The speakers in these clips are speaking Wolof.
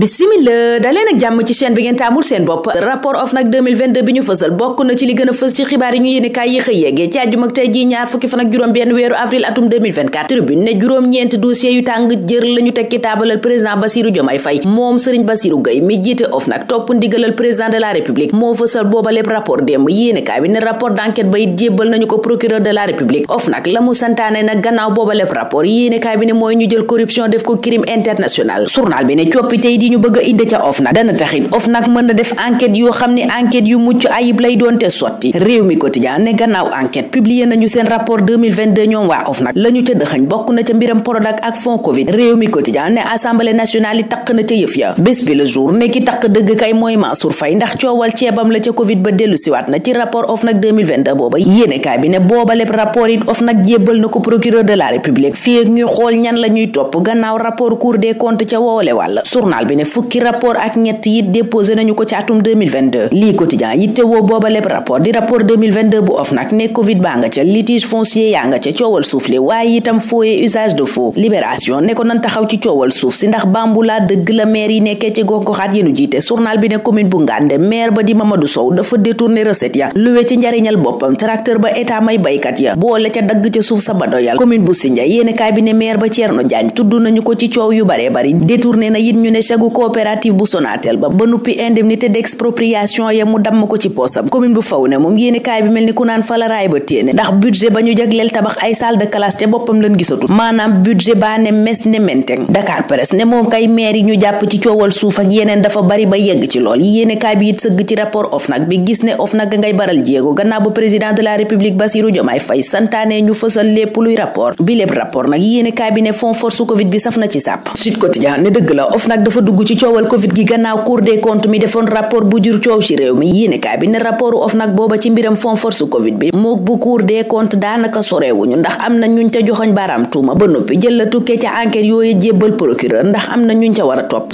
bisimila dalee nag jàmm ci chaîne bi ngeen taamul seen bopp rapport OFNAC 2022 bi na ci li gën a fës ci xibaar yi ñu yéene kaay yi xëy yeggee ci àjjuma ak tey jii ñaar fukki fan ak juróom benn weeru avril atum 2024 tribune ne juróom-ñeenti dossier yu tàng jër la ñu tekki taabalal président Bassirou Diomaye Faye moom Serigne Bassirou Gueye mi jiite OFNAC topp ndigalal la république moo fësal booba la république OFNAC la mu santaane nag gannaaw booba lépp rapport yéene kaay bi ne mooy ñu jël corruption def ko crime international journal bi ne coppite yi yi ñu bëgg a indi ca OFNAC dana taxit OFNAC mën na def enquête yoo xam ne enquête yu mucc ayib lay doon te sotti réew mi quotidien ne gannaaw enquête publié nañu seen rapport 2022 ñoom waa OFNAC la ñu ca dëxañ bokk na ca mbiram Prodac ak fond Covid réew mi quotidien ne assemblée nationale yi taq na ca yëf ya bés bi le jour ne ki taq dëgg kay mooy Mansour Faye ndax coowal ceebam la ca Covid ba dellu siwaat na ci rapport OFNAC 2022 booba yéenekaay bi ne booba lépp rapport it OFNAC jébbal na ko procureur de la république fii ak ñuy xool ñan la ñuy topp gannaaw rapport cour des comptes ca woole wàll journal bi ne fukki rapport ak ñett yi déposé nañu ko ci atum 2022 lii quotidien yitte woo booba lépp rapport di rapport 2022 bu OFNAC ne covid baa nga ca litige foncier yaa nga ca coowal suuf li waaye itam fooye usage de faux libération ne ko nan taxaw ci coowal suuf si ndax bambula dëgg la maire yi nekkee ci gox-goxaat yenu jiite journal bi ne commune bu ngande maire ba di du Sow dafa détourné recette ya luwe ci njariñal boppam tracteur ba état may baykat ya boole ca dagg ca suuf sa ba doyal commune bu Sindia yéene kaay bi ne maire ba Thierno Diagne tudd nañu ko ci coow yu bare bari détourné njëgu coopérative bu Sonatel ba ba nuppi indemnité d'expropriation ya mu damm ko ci poosam commune bu Fawne moom yéeni kaay bi mel ni ku naan fa la raay ba téene ndax budget ba ñu jagleel tabax ne mes ne menteng Dakar Presse ne moom kay maire yi ñu jàpp ci coowal suuf ak yeneen dafa bari ba yegg ci lool yéeni kaay bi it sëgg ci rapport nag bi gis ne OFNAC ngay baral jéego gannaaw bu président de la république Bassirou Diomaye Faye santaane ñu fësal lépp luy rapport bi lépp rapport nag yéeni kaay bi ne fond force Covid bi saf na ci sàpp Sud Quotidien ne dëgg la OFNAC dugg ci coowal covid gi gannaaw cour des comptes mi defoon rapport bu jur coow ci réew mi yéenekaay bi ne rapportu OFNAC na ñuñ ca joxoñ baaraam ba noppi jël la tukkee ca enquête na ñuñ ca war a topp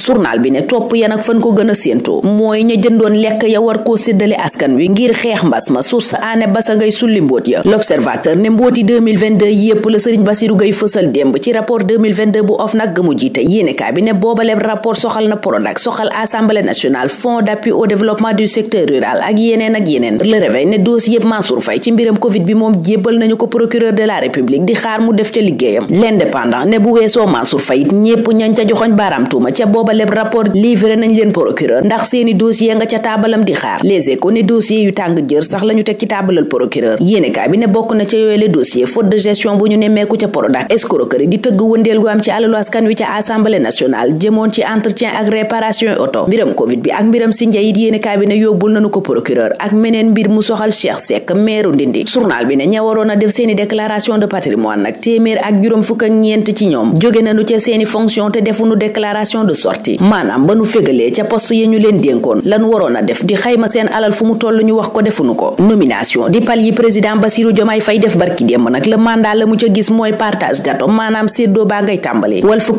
ne topp ya nag fan ko gën a séentoo mooy ña jëndoon lekk ya war koo séddale wi ngir xeex mbas ma source aané basa ngay sulli mbóot ya l'observateur ne mbóoti 2022 yépp la sëriñ Bassirou rapport 2022 soxal na Prodac soxal assemblée nationale fonds d'appui au développement du secteur rural ak yeneen ak yeneen le réveil ne dossier yëpp Mansour ci mbiram Covid bi moom jébbal nañu ko procureur de la république di xaar mu def ca liggéeyam l'indépendant ne bu weesoo Mansour Faye ñépp ñañ ca joxoñ baaraam ca booba leb rapport livré nañ leen procureur ndax seeni dossier nga ca taabalam di xaar les échos ne dossier yu tàng jër sax la teg ci taabalal procureur entretien ak réparation oto mbiram covid bi ak mbiram si njayit yéene kaay bi yóbbul nañu ko procureur ak meneen mbir mu soxal Cheikh Seck meeru Ndindi journal bi ne ña waroon a def seeni déclaration de patrimoine nag téeméer ak juróom fukk ak ñeent ci ñoom jóge nañu ca seeni fonction te defuñu déclaration de sortie maanaam ba nu fégalee ca poste yi ñu leen dénkoon lan waroon a def di xayma seen alal fu mu toll ñu wax ko defuñu ko nomination di pal yi président Bassirou Diomaye Faye def barki démb nag le mandat la mu ca gis mooy partage gâteau maanaam séddoo baa ngay tàmbali Walf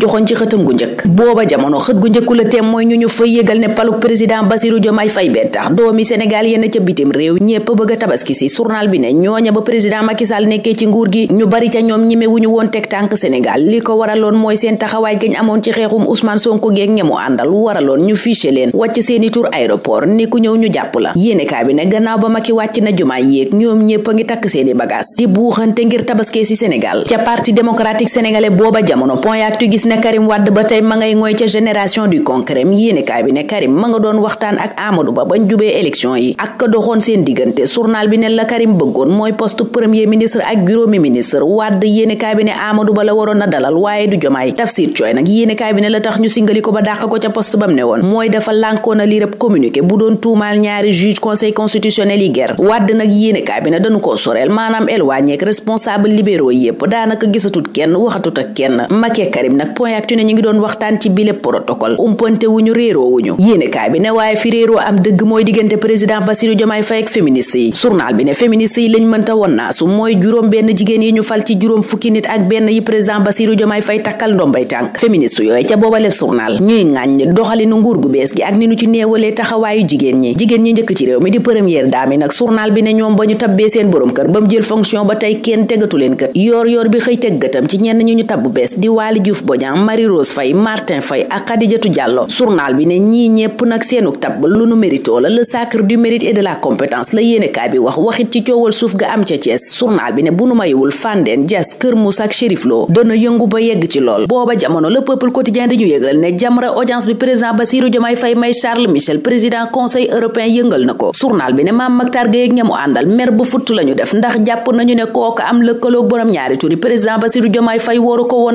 joxoon ci xëtam gu njëkk booba jamono xët gu njëkku la teem mooy ñu ñu fa yégal ne paluk président Bassirou Diomaye Faye bee tax doomi Sénégal yenn ca bitim bëgg a tabaski si journal bi ne ñooña ba président Macky Sall nekkee ci nguur gi ñu bari ca ñoom woon teg tànk Sénégal li ko waraloon mooy seen taxawaay gañ amoon ci xeexum Ousmane Sonko geeg ñemu àndal waraloon ñu fiché leen wàcc seeni tur aéroport ni ku ñëw ñu jàpp la yéenekaay bi ne gannaaw ba Macky wàcc na jumaay yéeg ñoom ñépp a ngi takk seeni bagage di buuxante ngir tabaskee si Sénégal ca parti démocratique sénégalais booba jamono point actu gis ne Karim Wade ba tey ma ngay ngooy ca génération du concret yéenekaay bi ne Karim ma nga doon waxtaan ak Amadou Ba bañ jubee élection yi ak ka doxoon seen diggante journal bi ne la Karim bëggoon mooy poste premier ministre ak juróomi ministre Wade yéenekaay bi ne Amadou Ba la waroon na dalal waaye du jomaay Tafsir Coy nag yéenekaay bi ne la tax ñu singali ko ba dàq ko ca post bam ne woon mooy dafa lànkoon a li ab communiqué bu doon tuumaal ñaari juge conseil constitutionnel yi ger Wade nag yéenekaay bi ne dañu koo soreel maanaam éloigné ak responsable daanaka gisatut kenn waxatut ak kenn Macky Karim nag point actu ne ñu ngi doon waxtaan ci bile protocole bi ne waaye fi réeroo am dëgg mooy diggante président Bassirou Diomaye Faye ak féministes yi journal bi ne féministes yi lañ mënta woon naasu mooy juróom benn jigéen yi ñu fal ci juróom fukki nit ak benn yi président Bassirou Diomaye Faye takkal ndombay tànk féministes yooyu ca boobaleb journal ñuy ŋàññ doxalinu nguur gu bees gi ak ni nu ci néewalee taxawaayu jigéen ñi jigéen ñi njëkk ci réew mi di première dame nag journal bi ne ñoom ba ñu tabbee seen borom kër ba mu jël fonction ba tey kenn tegatu leen kër yoor yoor bi xëy teg gëtam ci ñenn ñu ñu tabbu bees Bodian Marie Martin Faye ak Khadijatou Diallo journal bi ne ñii ñépp nag seenuk tabb lu nu méritoo la le sacre du mérite et de la compétence la yéenekaay bi wax waxit ci coowal suuf ga am ca Thiès bi ne bu nu mayewul Fandène Diass Kër Moussa ak Chérif Lo dana yëngu ba yegg ci lool booba jamono le peuple quotidien dañu yëgal ne Jamra audience bi président Bassirou Diomaye Faye may Charles Michel président conseil européen yëngal na ko journal bi ne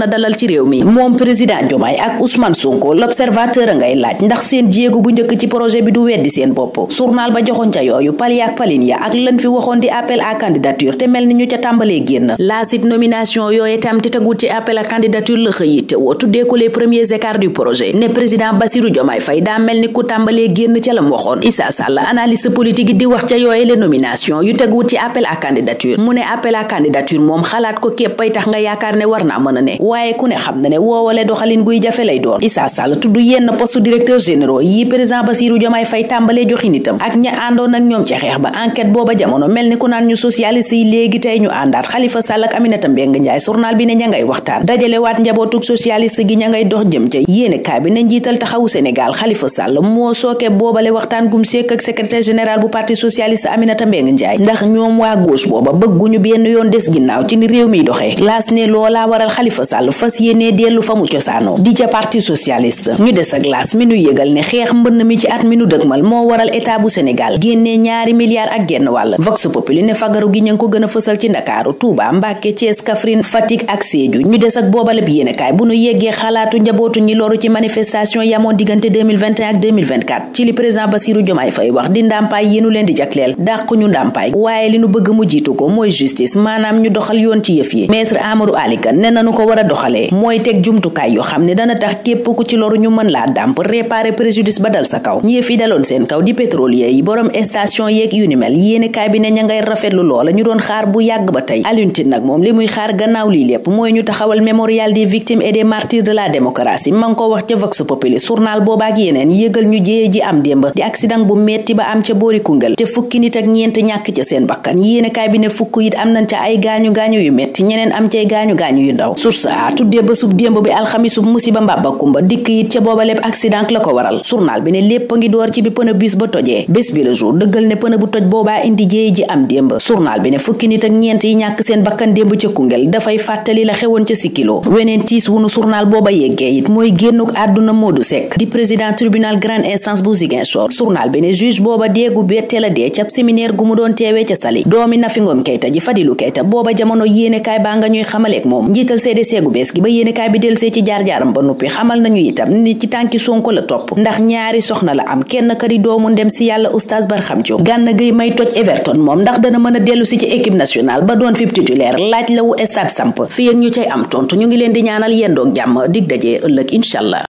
a dalal moom président Diomaye ak Ousmane Sonko l'observateur a ngay laaj ndax seen jéego bu njëkk ci projet bi du weddi seen bopp journal ba joxoon ca yooyu pali ak palin ya ak waxoon di appel à candidature te mel ni ñu ca tàmbalee génn laasit nomination yooyu tam te ci appel à la xëyite woo tuddee ko les premiers écarts du projet ne président Bassirou Diomaye fay daa mel ni ku tàmbalee génn ca la mu waxoon Issa Sall analyste politique di wax ca yooyu les nomination yu tegut ci appel à candidature mu ne appel à candidature moom xalaat ko képpay tax nga a ne woowale doxalin guy jafe lay doon Issa Sall tudd yenn poste directeur généraux yi président Bassirou Diomaye Faye tàmbalee joxi nitam ak ña àndoon ak ñoom ci xeex ba enquête booba jamono mel ni ku naan ñu socialiste yi léegi tey ñu àndaat Khalifa Sall ak Aminata Mbengue Ndiaye journal bi ne ña ngay waxtaan dajalewaat njabootug socialiste gi ña ngay dox jëm ca yéene kaay bi ne njiital taxawu Sénégal Khalifa Sall moo sooke boobale waxtaan gum sekk ak secrétaire général yoon des ginnaaw ci réew mi doxee dellu fa mu cosaanoo di parti socialiste ñu des ak glace mi nu yëgal ne xeex mbënn mi ci at mi nu dëgmal moo waral état bu Sénégal génnee ñaari milliards ak genn wàll vox populi ne fagaru gi ña ko gën a fësal ci ndakaaru Touba Mbàkke Thiès Kaffrine Fatick ak Sédhiou ñu des ak boobaleb yéenekaay bu nu yeggee xalaatu njabootu ñi loru ci manifestation yamoon diggante ak ci li président Bassirou Diomaye Faye wax di ndàmpaay yi leen di jagleel dàq ñu ñu doxal jumtukaay yoo xam ne dana tax képp ku ci loru ñu mën laa dàmp réparer préjudice ba dal sa kaw ñi fi daloon seen kaw di pétrolier yi borom station yeeg yu ni mel yéene kaay bi ne ña ngay rafetlu loola ñu xaar bu ba tey Alioune Tine nag moom li muy xaar gannaaw lii lépp mooy ñu taxawal mémorial des victimes et des martyrs de la démocratie ma ngi ko wax ca Vox Populi journal boobaak yeneen yëgal ñu jéye ji ba am ca boori Koungheul fukki nit ak ñeent ñàkk ca seen bakkan yéene kaay bi ne fukk it am nañ ca ay gaañu gaañu yu metti ñeneen am cay gaañu gaañu yu ndaw source tuddee ba sub démb bi alxamisu musiba mbàbba kumba dikk it ca booba lépp accident la ko waral journal bi ne lépp ngi door ci bi pëna bus ba tojee bés bi le jour dëggal ne pëna bu toj booba yeggee it mooy génnuk àdduna Modou Seck di président tribunal grande instance bu Ziguinchor journal bi ne juge booba deegu bettee la dee ca séminaire gu mu doon teewee ca Saly doomi Nafi Ngom ji Fadilou Keita booba jamono yéenekaay baa nga ñuy xamaleek moom njiital delsee ci jaar-jaaram ba noppi xamal nañu itam ni ci tànki Sonko la topp ndax ñaari soxna la am kenn ka di doomu ndem si yàlla oustaz Barham Diop gànn Gueye may toj Everton moom ndax dana mën a dellu si ci équipe nationale ba doon fi titulaire laaj la wu stade samp fi ak ñu cay am tontu ñu ngi leen di ñaanal yendoog jàmm dig dajee ëllëg incha allah